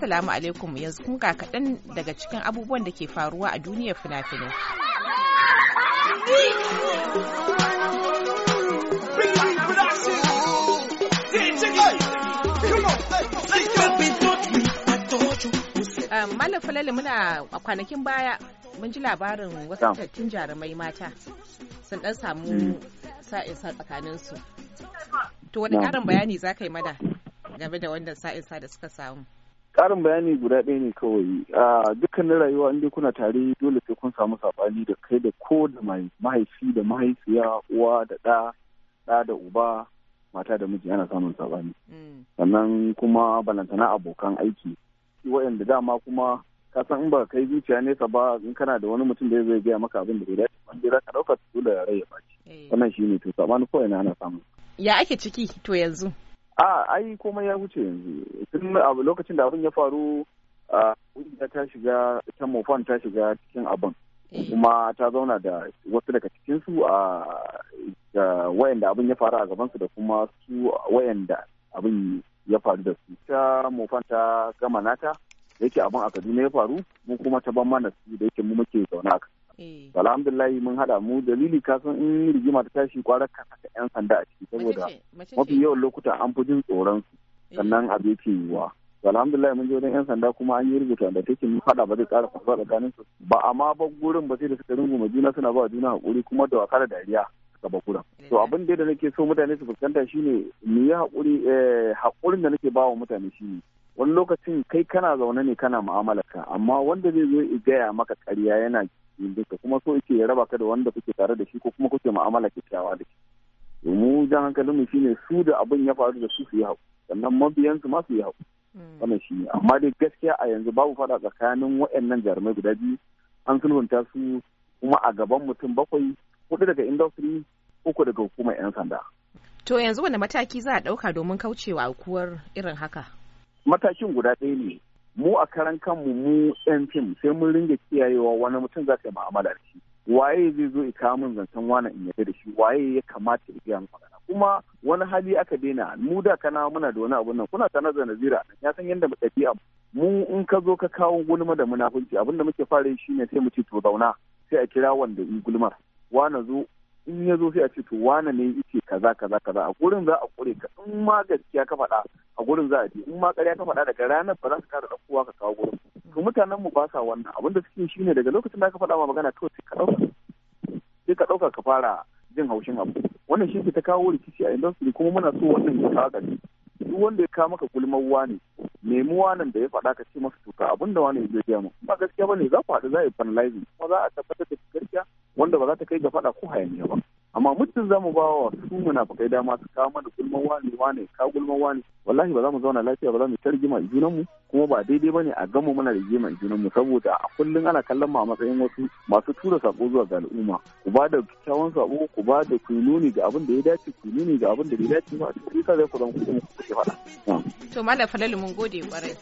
Assalamu alaikum yanzu kun ga kaɗan daga cikin abubuwan da ke faruwa a duniyar fina-finai. Um, Malam Falali muna a kwanakin baya mun ji labarin wasu tattun jarumai mata sun dan samu mm. sa'insa tsakaninsu. To wani ƙarin bayani za ka yi mada game da wannan sa'insa da suka samu? karin bayani guda ɗaya ne kawai. A dukkanin rayuwa inda kuna tare dole sai kun samu saɓani da kai da ko da mahaifi da mahaifiya uwa da ɗa ɗa da uba mata da miji ana samun saɓani. Mm. Sannan kuma balantana abokan aiki. waanda dama kuma ka san in ba kai zuciya nesa ba in kana da wani mutum da zai gaya maka abin da bai dace ba za ka ɗauka su da yare ya ɓaci. Eh. Wannan shi ne to saɓani kowai na ana samun. Ya ake ciki to yanzu? a ai komai ya wuce yanzu tun lokacin da abin ya faru kungiya ta shiga ta mofan ta shiga cikin abin eh. kuma ta zauna da wasu daga cikinsu a wayanda abin ya faru a gabansu da kuma su wayanda abin ya faru da su ta mofan ta gama nata yake abin a kaduna ya faru mu kuma ta ban mana su da yake mu muke zaune a Eh. alhamdulillahi mun hada mu dalili kasan in rigima ta tashi kwarar ka saka yan sanda a ciki saboda mafi yawan lokuta an fi jin tsoron su eh. sannan abu yake yiwuwa alhamdulillah mun je wajen yan sanda kuma an yi rubuta da take mun fada ba zai ƙara faruwa tsakanin su ba amma ba gurin ba sai da suka rungume juna suna ba juna hakuri kuma da wakar dariya ba kura eh. to abin da nake so mutane su fuskanta shine mu yi hakuri hakurin da nake ba wa mutane shine wani lokacin kai kana zaune ne kana mu'amalarka amma wanda zai zo ya gaya maka ƙarya yana duka kuma so yake ya raba ka da wanda kuke tare da shi ko kuma kuke mu'amala kyakkyawa da shi mu jan hankalin mu shine su da abin ya faru da su su yi hau sannan mabiyan su ma su yi hau hmm. wannan shi amma dai gaskiya a yanzu babu fada tsakanin wayannan jarumai guda biyu an sulhunta su kuma a gaban mutum bakwai hudu daga industry uku daga hukumar 'yan sanda. To yanzu wanne mataki za a ɗauka domin kaucewa aukuwar irin haka? Matakin guda ɗaya ne mu a karan kanmu mu yan fim sai mun ringa kiyayewa wani mutum za ka yi ma'amala da shi waye zai zo ya kawo zancen wani in yi da shi waye ya kamata ya yi magana kuma wani hali aka daina mu da kana muna da wani abun nan kuna sanar da nazira ya san yadda ɗabi'a mu in ka zo ka kawo gulma da munafunci abin da muke fara yi shi ne sai mu ce to zauna sai a kira wanda in gulmar wana zo in ya zo sai a ce to wane ne yake kaza kaza kaza a gurin za a kure ka in ma gaskiya ka faɗa a gurin za a je in ma ƙarya ka faɗa daga ranar ba za ka kara ɗaukowa ka kawo gurin to mutanen mu ba sa wannan abin da suke shine daga lokacin da aka faɗa ma magana to sai ka ɗauka sai ka ɗauka ka fara jin haushin abu wannan shi ke ta kawo rikici a industry kuma muna so wannan ya kawo gari duk wanda ya kawo maka gulmar ne nemi nan da ya faɗa ka ce masa ka abin da wani ya je mu ba gaskiya bane za ku haɗu za a yi kuma za a tabbatar da gaskiya wanda ba za ta kai ga faɗa ko hayaniya ba amma muddin za mu ba wa su munafukai dama su kawo mana gulman wani wani ka gulman wani wallahi ba za mu zauna lafiya ba za mu ta rigima a junanmu kuma ba daidai ne a gama muna rigima a junanmu saboda a kullum ana kallon ma matsayin wasu masu tura sako zuwa ga al'umma ku ba da kyawun sako ku ba da ku nuni ga abin da ya dace ku nuni ga abin da bai dace ba a cikin sa zai ku kuma ku ke faɗa. to malam falalu mun gode kwarai.